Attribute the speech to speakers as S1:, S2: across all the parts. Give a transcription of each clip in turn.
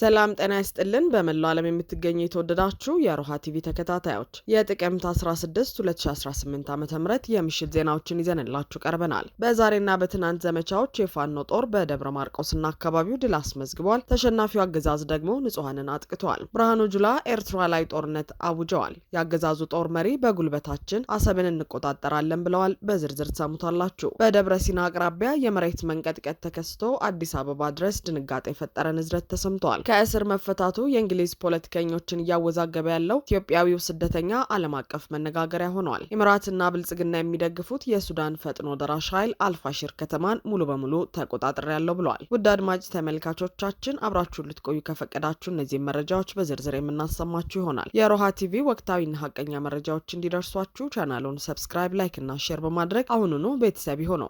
S1: ሰላም ጤና ይስጥልን። በመላው ዓለም የምትገኙ የተወደዳችሁ የሮሃ ቲቪ ተከታታዮች የጥቅምት 16 2018 ዓ ም የምሽት ዜናዎችን ይዘንላችሁ ቀርበናል። በዛሬና በትናንት ዘመቻዎች የፋኖ ጦር በደብረ ማርቆስና አካባቢው ድል አስመዝግቧል። ተሸናፊው አገዛዝ ደግሞ ንጹሐንን አጥቅቷል። ብርሃኑ ጁላ ኤርትራ ላይ ጦርነት አውጀዋል። የአገዛዙ ጦር መሪ በጉልበታችን አሰብን እንቆጣጠራለን ብለዋል። በዝርዝር ትሰሙታላችሁ። በደብረ ሲና አቅራቢያ የመሬት መንቀጥቀጥ ተከስቶ አዲስ አበባ ድረስ ድንጋጤ የፈጠረ ንዝረት ተሰምቷል። ከእስር መፈታቱ የእንግሊዝ ፖለቲከኞችን እያወዛገበ ያለው ኢትዮጵያዊው ስደተኛ ዓለም አቀፍ መነጋገሪያ ሆኗል። ኢምራትና ብልጽግና የሚደግፉት የሱዳን ፈጥኖ ደራሽ ኃይል አልፋሽር ከተማን ሙሉ በሙሉ ተቆጣጥሬ ያለው ብለዋል። ውድ አድማጭ ተመልካቾቻችን አብራችሁን ልትቆዩ ከፈቀዳችሁ እነዚህ መረጃዎች በዝርዝር የምናሰማችሁ ይሆናል። የሮሃ ቲቪ ወቅታዊና ሀቀኛ መረጃዎች እንዲደርሷችሁ ቻናሉን ሰብስክራይብ፣ ላይክ እና ሼር በማድረግ አሁኑኑ ቤተሰብ ይሁኑ።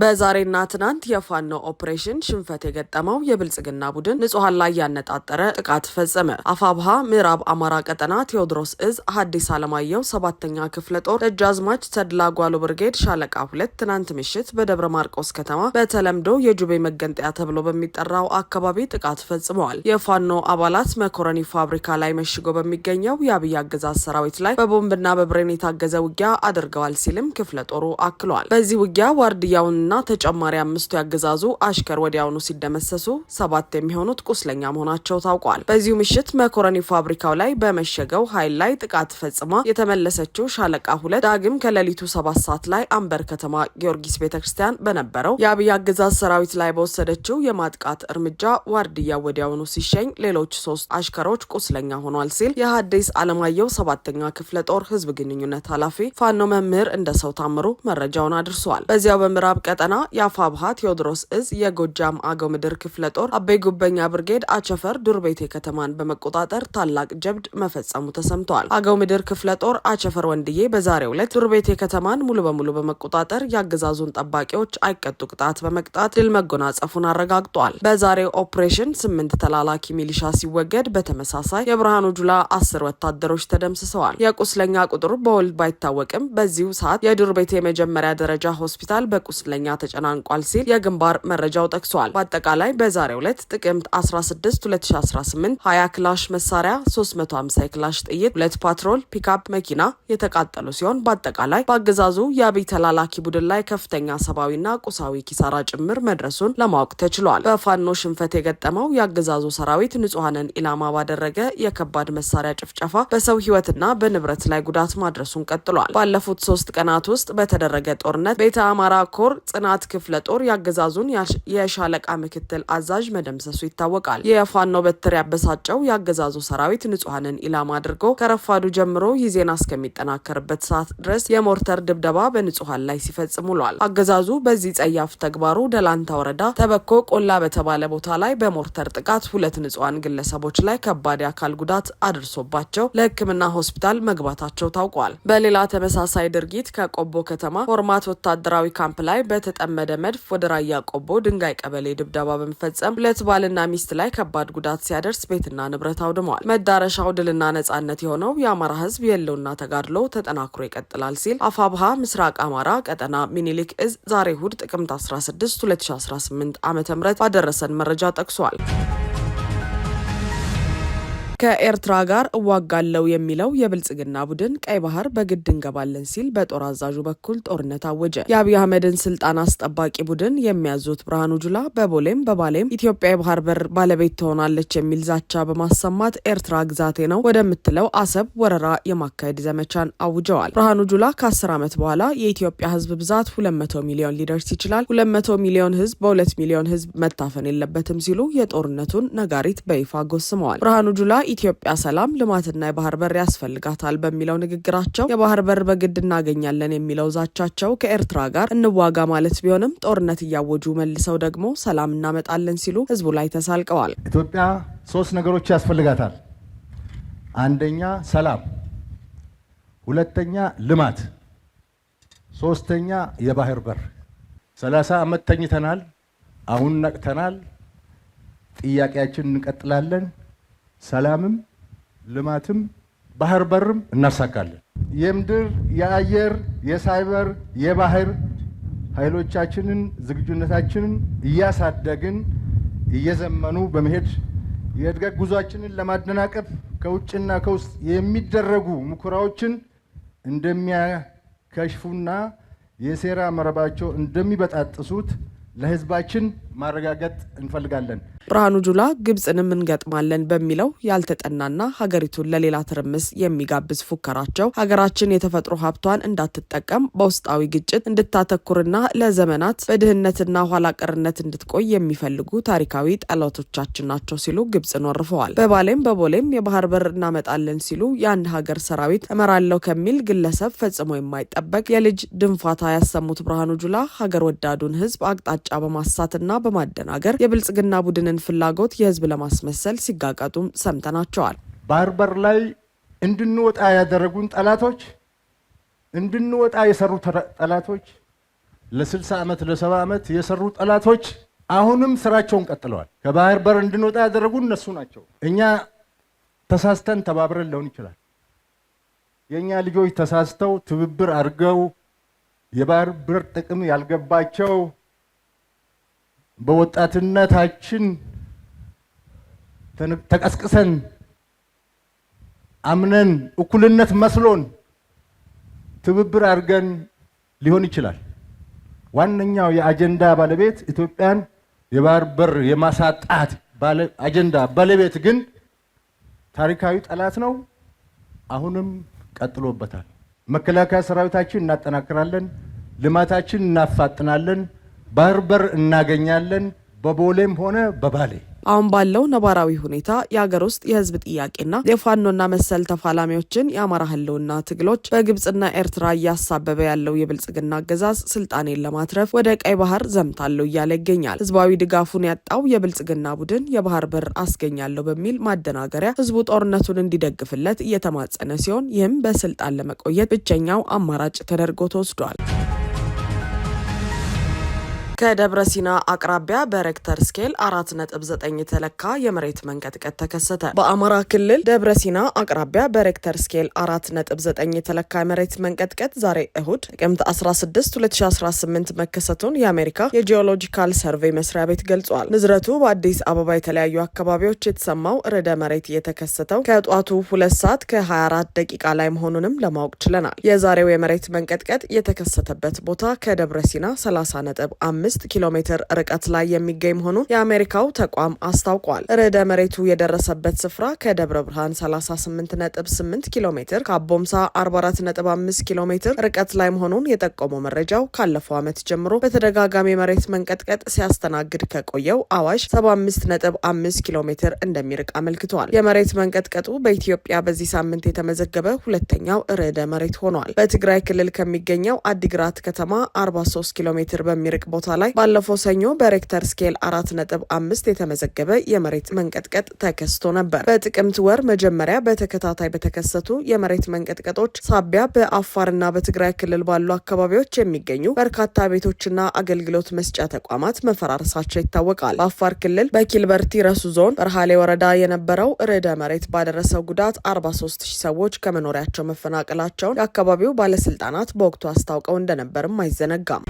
S1: በዛሬና ትናንት የፋኖ ኦፕሬሽን ሽንፈት የገጠመው የብልጽግና ቡድን ንጹሐን ላይ ያነጣጠረ ጥቃት ፈጸመ። አፋብሃ ምዕራብ አማራ ቀጠና ቴዎድሮስ እዝ ሐዲስ ዓለማየሁ ሰባተኛ ክፍለ ጦር ደጃዝማች ተድላ ጓሉ ብርጌድ ሻለቃ ሁለት ትናንት ምሽት በደብረ ማርቆስ ከተማ በተለምዶ የጁቤ መገንጠያ ተብሎ በሚጠራው አካባቢ ጥቃት ፈጽመዋል። የፋኖ አባላት መኮረኒ ፋብሪካ ላይ መሽጎ በሚገኘው የአብይ አገዛዝ ሰራዊት ላይ በቦምብና በብሬን የታገዘ ውጊያ አድርገዋል ሲልም ክፍለ ጦሩ አክሏል። በዚህ ውጊያ ዋርድያውን አንድና ተጨማሪ አምስቱ ያገዛዙ አሽከር ወዲያውኑ ሲደመሰሱ ሰባት የሚሆኑት ቁስለኛ መሆናቸው ታውቋል። በዚሁ ምሽት መኮረኒ ፋብሪካው ላይ በመሸገው ኃይል ላይ ጥቃት ፈጽማ የተመለሰችው ሻለቃ ሁለት ዳግም ከሌሊቱ ሰባት ሰዓት ላይ አንበር ከተማ ጊዮርጊስ ቤተ ክርስቲያን በነበረው የአብይ አገዛዝ ሰራዊት ላይ በወሰደችው የማጥቃት እርምጃ ዋርድያ ወዲያውኑ ሲሸኝ፣ ሌሎች ሶስት አሽከሮች ቁስለኛ ሆኗል ሲል የሀዲስ አለማየሁ ሰባተኛ ክፍለ ጦር ህዝብ ግንኙነት ኃላፊ ፋኖ መምህር እንደ ሰው ታምሩ መረጃውን አድርሷል። በዚያው በምዕራብ ቀጠና የአፋብሃ ቴዎድሮስ እዝ የጎጃም አገው ምድር ክፍለ ጦር አበይ ጉበኛ ብርጌድ አቸፈር ዱርቤቴ ከተማን በመቆጣጠር ታላቅ ጀብድ መፈጸሙ ተሰምተዋል። አገው ምድር ክፍለ ጦር አቸፈር ወንድዬ በዛሬው ዕለት ዱርቤቴ ከተማን ሙሉ በሙሉ በመቆጣጠር የአገዛዙን ጠባቂዎች አይቀጡ ቅጣት በመቅጣት ድል መጎናጸፉን አረጋግጧል። በዛሬው ኦፕሬሽን ስምንት ተላላኪ ሚሊሻ ሲወገድ በተመሳሳይ የብርሃኑ ጁላ አስር ወታደሮች ተደምስሰዋል። የቁስለኛ ቁጥሩ በውል ባይታወቅም በዚሁ ሰዓት የዱር ቤቴ የመጀመሪያ ደረጃ ሆስፒታል በቁስለኛ ከፍተኛ ተጨናንቋል ሲል የግንባር መረጃው ጠቅሷል። በአጠቃላይ በዛሬው ዕለት ጥቅምት 16 2018 20 ክላሽ መሳሪያ፣ 350 ክላሽ ጥይት፣ ሁለት ፓትሮል ፒካፕ መኪና የተቃጠሉ ሲሆን በአጠቃላይ በአገዛዙ የአብይ ተላላኪ ቡድን ላይ ከፍተኛ ሰብአዊና ቁሳዊ ኪሳራ ጭምር መድረሱን ለማወቅ ተችሏል። በፋኖ ሽንፈት የገጠመው የአገዛዙ ሰራዊት ንጹሐንን ኢላማ ባደረገ የከባድ መሳሪያ ጭፍጨፋ በሰው ህይወትና በንብረት ላይ ጉዳት ማድረሱን ቀጥሏል። ባለፉት ሶስት ቀናት ውስጥ በተደረገ ጦርነት ቤተ አማራ ኮር ጽናት ክፍለ ጦር የአገዛዙን የሻለቃ ምክትል አዛዥ መደምሰሱ ይታወቃል። የፋኖ በትር ያበሳጨው የአገዛዙ ሰራዊት ንጹሐንን ኢላማ አድርጎ ከረፋዱ ጀምሮ ይህ ዜና እስከሚጠናከርበት ሰዓት ድረስ የሞርተር ድብደባ በንጹሐን ላይ ሲፈጽም ውሏል። አገዛዙ በዚህ ጸያፍ ተግባሩ ደላንታ ወረዳ ተበኮ ቆላ በተባለ ቦታ ላይ በሞርተር ጥቃት ሁለት ንጹሐን ግለሰቦች ላይ ከባድ የአካል ጉዳት አድርሶባቸው ለሕክምና ሆስፒታል መግባታቸው ታውቋል። በሌላ ተመሳሳይ ድርጊት ከቆቦ ከተማ ፎርማት ወታደራዊ ካምፕ ላይ በ የተጠመደ መድፍ ወደ ራያ ቆቦ ድንጋይ ቀበሌ ድብደባ በመፈጸም ሁለት ባልና ሚስት ላይ ከባድ ጉዳት ሲያደርስ ቤትና ንብረት አውድመዋል። መዳረሻው ድልና ነጻነት የሆነው የአማራ ህዝብ የህልውና ተጋድሎ ተጠናክሮ ይቀጥላል ሲል አፋብሃ ምስራቅ አማራ ቀጠና ሚኒሊክ እዝ ዛሬ እሁድ ጥቅምት 16 2018 ዓ ም ባደረሰን መረጃ ጠቅሷል። ከኤርትራ ጋር እዋጋለው የሚለው የብልጽግና ቡድን ቀይ ባህር በግድ እንገባለን ሲል በጦር አዛዡ በኩል ጦርነት አወጀ። የአብይ አህመድን ስልጣን አስጠባቂ ቡድን የሚያዙት ብርሃኑ ጁላ በቦሌም በባሌም ኢትዮጵያ የባህር በር ባለቤት ትሆናለች የሚል ዛቻ በማሰማት ኤርትራ ግዛቴ ነው ወደምትለው አሰብ ወረራ የማካሄድ ዘመቻን አውጀዋል። ብርሃኑ ጁላ ከአስር ዓመት በኋላ የኢትዮጵያ ህዝብ ብዛት ሁለት መቶ ሚሊዮን ሊደርስ ይችላል፣ ሁለት መቶ ሚሊዮን ህዝብ በሁለት ሚሊዮን ህዝብ መታፈን የለበትም ሲሉ የጦርነቱን ነጋሪት በይፋ ጎስመዋል። ብርሃኑ ጁላ ኢትዮጵያ ሰላም፣ ልማትና የባህር በር ያስፈልጋታል በሚለው ንግግራቸው የባህር በር በግድ እናገኛለን የሚለው ዛቻቸው ከኤርትራ ጋር እንዋጋ ማለት ቢሆንም ጦርነት እያወጁ መልሰው ደግሞ ሰላም እናመጣለን ሲሉ ህዝቡ ላይ ተሳልቀዋል።
S2: ኢትዮጵያ ሶስት ነገሮች ያስፈልጋታል። አንደኛ ሰላም፣ ሁለተኛ ልማት፣ ሶስተኛ የባህር በር። ሰላሳ ዓመት ተኝተናል። አሁን ነቅተናል። ጥያቄያችን እንቀጥላለን። ሰላምም ልማትም ባህር በርም እናሳካለን። የምድር የአየር፣ የሳይበር፣ የባህር ኃይሎቻችንን ዝግጁነታችንን እያሳደግን እየዘመኑ በመሄድ የእድገት ጉዟችንን ለማደናቀፍ ከውጭና ከውስጥ የሚደረጉ ሙከራዎችን እንደሚያከሽፉና የሴራ መረባቸው እንደሚበጣጥሱት ለሕዝባችን ማረጋገጥ እንፈልጋለን።
S1: ብርሃኑ ጁላ ግብፅንም እንገጥማለን በሚለው ያልተጠናና ሀገሪቱን ለሌላ ትርምስ የሚጋብዝ ፉከራቸው ሀገራችን የተፈጥሮ ሀብቷን እንዳትጠቀም በውስጣዊ ግጭት እንድታተኩርና ለዘመናት በድህነትና ኋላ ቀርነት እንድትቆይ የሚፈልጉ ታሪካዊ ጠላቶቻችን ናቸው ሲሉ ግብፅን ወርፈዋል። በባሌም በቦሌም የባህር በር እናመጣለን ሲሉ የአንድ ሀገር ሰራዊት እመራለሁ ከሚል ግለሰብ ፈጽሞ የማይጠበቅ የልጅ ድንፋታ ያሰሙት ብርሃኑ ጁላ ሀገር ወዳዱን ህዝብ አቅጣጫ በማሳትና በማደናገር የብልጽግና ቡድንን ፍላጎት የህዝብ ለማስመሰል ሲጋቀጡም ሰምተናቸዋል።
S2: ባህር በር ላይ እንድንወጣ ያደረጉን ጠላቶች እንድንወጣ የሰሩ ጠላቶች ለ60 ዓመት ለ70 ዓመት የሰሩ ጠላቶች አሁንም ስራቸውን ቀጥለዋል። ከባህር በር እንድንወጣ ያደረጉን እነሱ ናቸው። እኛ ተሳስተን ተባብረን ሊሆን ይችላል። የእኛ ልጆች ተሳስተው ትብብር አድርገው የባህር በር ጥቅም ያልገባቸው በወጣትነታችን ተቀስቅሰን አምነን እኩልነት መስሎን ትብብር አድርገን ሊሆን ይችላል። ዋነኛው የአጀንዳ ባለቤት ኢትዮጵያን የባህር በር የማሳጣት አጀንዳ ባለቤት ግን ታሪካዊ ጠላት ነው። አሁንም ቀጥሎበታል። መከላከያ ሰራዊታችን እናጠናክራለን። ልማታችን እናፋጥናለን። ባርበር እናገኛለን በቦሌም ሆነ በባሌ።
S1: አሁን ባለው ነባራዊ ሁኔታ የሀገር ውስጥ የህዝብ ጥያቄና የፋኖና መሰል ተፋላሚዎችን የአማራ ህልውና ትግሎች በግብጽና ኤርትራ እያሳበበ ያለው የብልጽግና አገዛዝ ስልጣኔን ለማትረፍ ወደ ቀይ ባህር ዘምታለሁ እያለ ይገኛል። ህዝባዊ ድጋፉን ያጣው የብልጽግና ቡድን የባህር በር አስገኛለሁ በሚል ማደናገሪያ ህዝቡ ጦርነቱን እንዲደግፍለት እየተማጸነ ሲሆን፣ ይህም በስልጣን ለመቆየት ብቸኛው አማራጭ ተደርጎ ተወስዷል። ከደብረ ሲና አቅራቢያ በሬክተር ስኬል ዘጠኝ የተለካ የመሬት መንቀጥቀጥ ተከሰተ። በአማራ ክልል ደብረ ሲና አቅራቢያ በሬክተር ስኬል ዘጠኝ የተለካ የመሬት መንቀጥቀጥ ዛሬ እሁድ ጥቅምት 16 2018 መከሰቱን የአሜሪካ የጂኦሎጂካል ሰርቬይ መስሪያ ቤት ገልጿል። ንዝረቱ በአዲስ አበባ የተለያዩ አካባቢዎች የተሰማው ርዕደ መሬት የተከሰተው ከጧቱ ሁለት ሰዓት ከ24 ደቂቃ ላይ መሆኑንም ለማወቅ ችለናል። የዛሬው የመሬት መንቀጥቀጥ የተከሰተበት ቦታ ከደብረ ሲና 30 ነጥብ 5 አምስት ኪሎ ሜትር ርቀት ላይ የሚገኝ መሆኑን የአሜሪካው ተቋም አስታውቋል። ርዕደ መሬቱ የደረሰበት ስፍራ ከደብረ ብርሃን 388 ኪሎ ሜትር ከአቦምሳ 445 ኪሎ ሜትር ርቀት ላይ መሆኑን የጠቆመው መረጃው ካለፈው ዓመት ጀምሮ በተደጋጋሚ መሬት መንቀጥቀጥ ሲያስተናግድ ከቆየው አዋሽ 755 ኪሎ ሜትር እንደሚርቅ አመልክቷል። የመሬት መንቀጥቀጡ በኢትዮጵያ በዚህ ሳምንት የተመዘገበ ሁለተኛው ርዕደ መሬት ሆኗል። በትግራይ ክልል ከሚገኘው አዲግራት ከተማ 43 ኪሎ ሜትር በሚርቅ ቦታ ላይ ባለፈው ሰኞ በሬክተር ስኬል አራት ነጥብ አምስት የተመዘገበ የመሬት መንቀጥቀጥ ተከስቶ ነበር። በጥቅምት ወር መጀመሪያ በተከታታይ በተከሰቱ የመሬት መንቀጥቀጦች ሳቢያ በአፋርና በትግራይ ክልል ባሉ አካባቢዎች የሚገኙ በርካታ ቤቶችና አገልግሎት መስጫ ተቋማት መፈራረሳቸው ይታወቃል። በአፋር ክልል በኪልበርቲ ረሱ ዞን በርሃሌ ወረዳ የነበረው ርዕደ መሬት ባደረሰው ጉዳት 43 ሺህ ሰዎች ከመኖሪያቸው መፈናቀላቸውን የአካባቢው ባለስልጣናት በወቅቱ አስታውቀው እንደነበርም አይዘነጋም።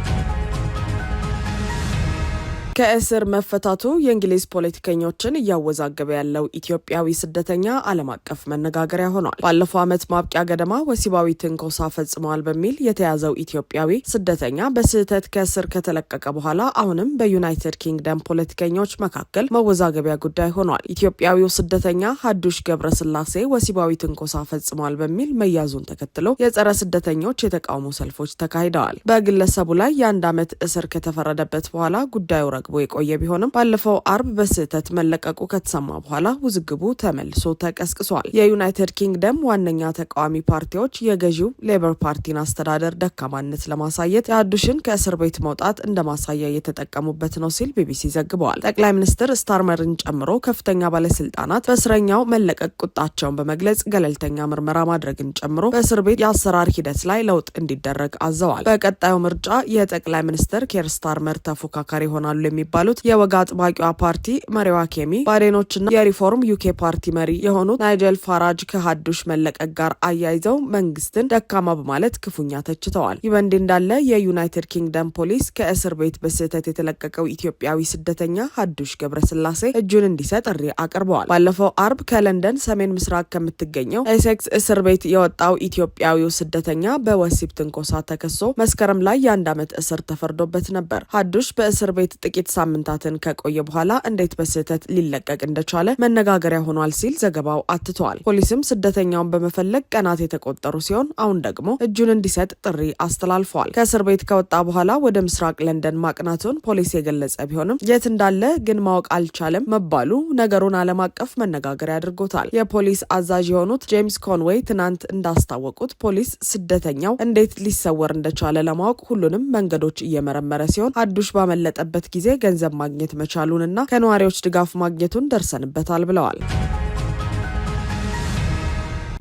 S1: ከእስር መፈታቱ የእንግሊዝ ፖለቲከኞችን እያወዛገበ ያለው ኢትዮጵያዊ ስደተኛ ዓለም አቀፍ መነጋገሪያ ሆኗል። ባለፈው ዓመት ማብቂያ ገደማ ወሲባዊ ትንኮሳ ፈጽመዋል በሚል የተያዘው ኢትዮጵያዊ ስደተኛ በስህተት ከእስር ከተለቀቀ በኋላ አሁንም በዩናይትድ ኪንግደም ፖለቲከኞች መካከል መወዛገቢያ ጉዳይ ሆኗል። ኢትዮጵያዊው ስደተኛ ሀዱሽ ገብረስላሴ ወሲባዊ ትንኮሳ ፈጽመዋል በሚል መያዙን ተከትሎ የጸረ ስደተኞች የተቃውሞ ሰልፎች ተካሂደዋል። በግለሰቡ ላይ የአንድ ዓመት እስር ከተፈረደበት በኋላ ጉዳዩ ተራግቦ የቆየ ቢሆንም ባለፈው አርብ በስህተት መለቀቁ ከተሰማ በኋላ ውዝግቡ ተመልሶ ተቀስቅሷል። የዩናይትድ ኪንግደም ዋነኛ ተቃዋሚ ፓርቲዎች የገዢው ሌበር ፓርቲን አስተዳደር ደካማነት ለማሳየት የአዱሽን ከእስር ቤት መውጣት እንደ ማሳያ እየተጠቀሙበት ነው ሲል ቢቢሲ ዘግበዋል። ጠቅላይ ሚኒስትር ስታርመርን ጨምሮ ከፍተኛ ባለስልጣናት በእስረኛው መለቀቅ ቁጣቸውን በመግለጽ ገለልተኛ ምርመራ ማድረግን ጨምሮ በእስር ቤት የአሰራር ሂደት ላይ ለውጥ እንዲደረግ አዘዋል። በቀጣዩ ምርጫ የጠቅላይ ሚኒስትር ኬር ስታርመር ተፎካካሪ ይሆናሉ የሚባሉት የወግ አጥባቂዋ ፓርቲ መሪዋ ኬሚ ባዴኖችና የሪፎርም ዩኬ ፓርቲ መሪ የሆኑት ናይጀል ፋራጅ ከሀዱሽ መለቀቅ ጋር አያይዘው መንግስትን ደካማ በማለት ክፉኛ ተችተዋል። ይህ በእንዲህ እንዳለ የዩናይትድ ኪንግደም ፖሊስ ከእስር ቤት በስህተት የተለቀቀው ኢትዮጵያዊ ስደተኛ ሀዱሽ ገብረስላሴ እጁን እንዲሰጥ ጥሪ አቅርበዋል። ባለፈው አርብ ከለንደን ሰሜን ምስራቅ ከምትገኘው ኤሴክስ እስር ቤት የወጣው ኢትዮጵያዊው ስደተኛ በወሲብ ትንኮሳ ተከሶ መስከረም ላይ የአንድ ዓመት እስር ተፈርዶበት ነበር። ሀዱሽ በእስር ቤት ጥቂት ጥቂት ሳምንታትን ከቆየ በኋላ እንዴት በስህተት ሊለቀቅ እንደቻለ መነጋገሪያ ሆኗል ሲል ዘገባው አትተዋል። ፖሊስም ስደተኛውን በመፈለግ ቀናት የተቆጠሩ ሲሆን አሁን ደግሞ እጁን እንዲሰጥ ጥሪ አስተላልፈዋል። ከእስር ቤት ከወጣ በኋላ ወደ ምስራቅ ለንደን ማቅናቱን ፖሊስ የገለጸ ቢሆንም የት እንዳለ ግን ማወቅ አልቻለም መባሉ ነገሩን ዓለም አቀፍ መነጋገሪያ አድርጎታል። የፖሊስ አዛዥ የሆኑት ጄምስ ኮንዌይ ትናንት እንዳስታወቁት ፖሊስ ስደተኛው እንዴት ሊሰወር እንደቻለ ለማወቅ ሁሉንም መንገዶች እየመረመረ ሲሆን አዱሽ ባመለጠበት ጊዜ ገንዘብ ማግኘት መቻሉንና ከነዋሪዎች ድጋፍ ማግኘቱን ደርሰንበታል ብለዋል።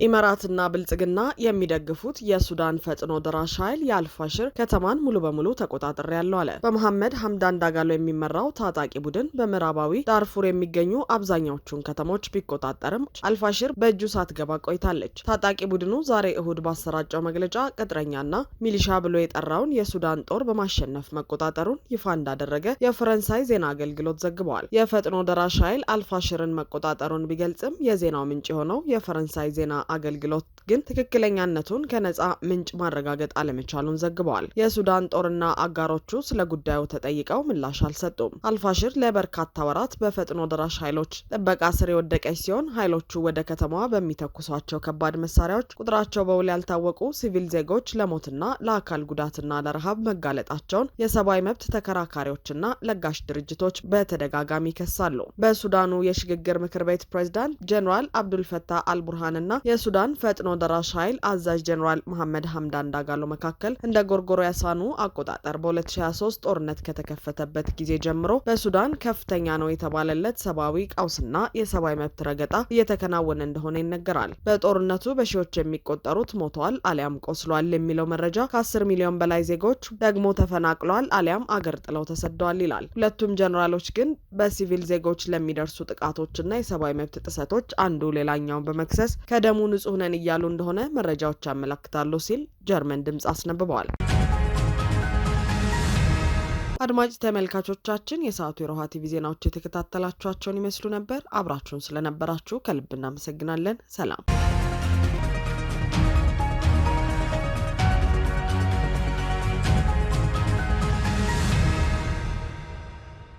S1: ኢመራትና ብልጽግና የሚደግፉት የሱዳን ፈጥኖ ደራሽ ኃይል የአልፋሽር ከተማን ሙሉ በሙሉ ተቆጣጠር ያለው አለ። በመሐመድ ሀምዳን ዳጋሎ የሚመራው ታጣቂ ቡድን በምዕራባዊ ዳርፉር የሚገኙ አብዛኛዎቹን ከተሞች ቢቆጣጠርም አልፋሽር በእጁ ሳትገባ ቆይታለች። ታጣቂ ቡድኑ ዛሬ እሁድ ባሰራጨው መግለጫ ቅጥረኛና ሚሊሻ ብሎ የጠራውን የሱዳን ጦር በማሸነፍ መቆጣጠሩን ይፋ እንዳደረገ የፈረንሳይ ዜና አገልግሎት ዘግበዋል። የፈጥኖ ደራሽ ኃይል አልፋሽርን መቆጣጠሩን ቢገልጽም የዜናው ምንጭ የሆነው የፈረንሳይ ዜና አገልግሎት ግን ትክክለኛነቱን ከነጻ ምንጭ ማረጋገጥ አለመቻሉን ዘግበዋል። የሱዳን ጦርና አጋሮቹ ስለ ጉዳዩ ተጠይቀው ምላሽ አልሰጡም። አልፋሽር ለበርካታ ወራት በፈጥኖ ደራሽ ኃይሎች ጥበቃ ስር የወደቀች ሲሆን ኃይሎቹ ወደ ከተማዋ በሚተኩሷቸው ከባድ መሳሪያዎች ቁጥራቸው በውል ያልታወቁ ሲቪል ዜጎች ለሞትና ለአካል ጉዳትና ለረሃብ መጋለጣቸውን የሰብአዊ መብት ተከራካሪዎችና ለጋሽ ድርጅቶች በተደጋጋሚ ይከሳሉ። በሱዳኑ የሽግግር ምክር ቤት ፕሬዚዳንት ጀኔራል አብዱልፈታህ አልቡርሃንና የሱዳን ፈጥኖ ደራሽ ኃይል አዛዥ ጀኔራል መሐመድ ሀምዳን ዳጋሎ መካከል እንደ ያሳኑ አቆጣጠር በ2023 ጦርነት ከተከፈተበት ጊዜ ጀምሮ በሱዳን ከፍተኛ ነው የተባለለት ሰብአዊ ቀውስና የሰብአዊ መብት ረገጣ እየተከናወነ እንደሆነ ይነገራል። በጦርነቱ በሺዎች የሚቆጠሩት ሞተዋል አሊያም ቆስሏል የሚለው መረጃ ከ10 ሚሊዮን በላይ ዜጎች ደግሞ ተፈናቅለዋል አሊያም አገር ጥለው ተሰደዋል ይላል። ሁለቱም ጀኔራሎች ግን በሲቪል ዜጎች ለሚደርሱ ጥቃቶችና የሰብአዊ መብት ጥሰቶች አንዱ ሌላኛውን በመክሰስ ከደሙ ንጹህ ነን እያሉ እንደሆነ መረጃዎች ያመላክታሉ ሲል ጀርመን ድምፅ አስነብበዋል። አድማጭ ተመልካቾቻችን የሰዓቱ የሮሃ ቲቪ ዜናዎች የተከታተላችኋቸውን ይመስሉ ነበር። አብራችሁን ስለነበራችሁ ከልብ እናመሰግናለን። ሰላም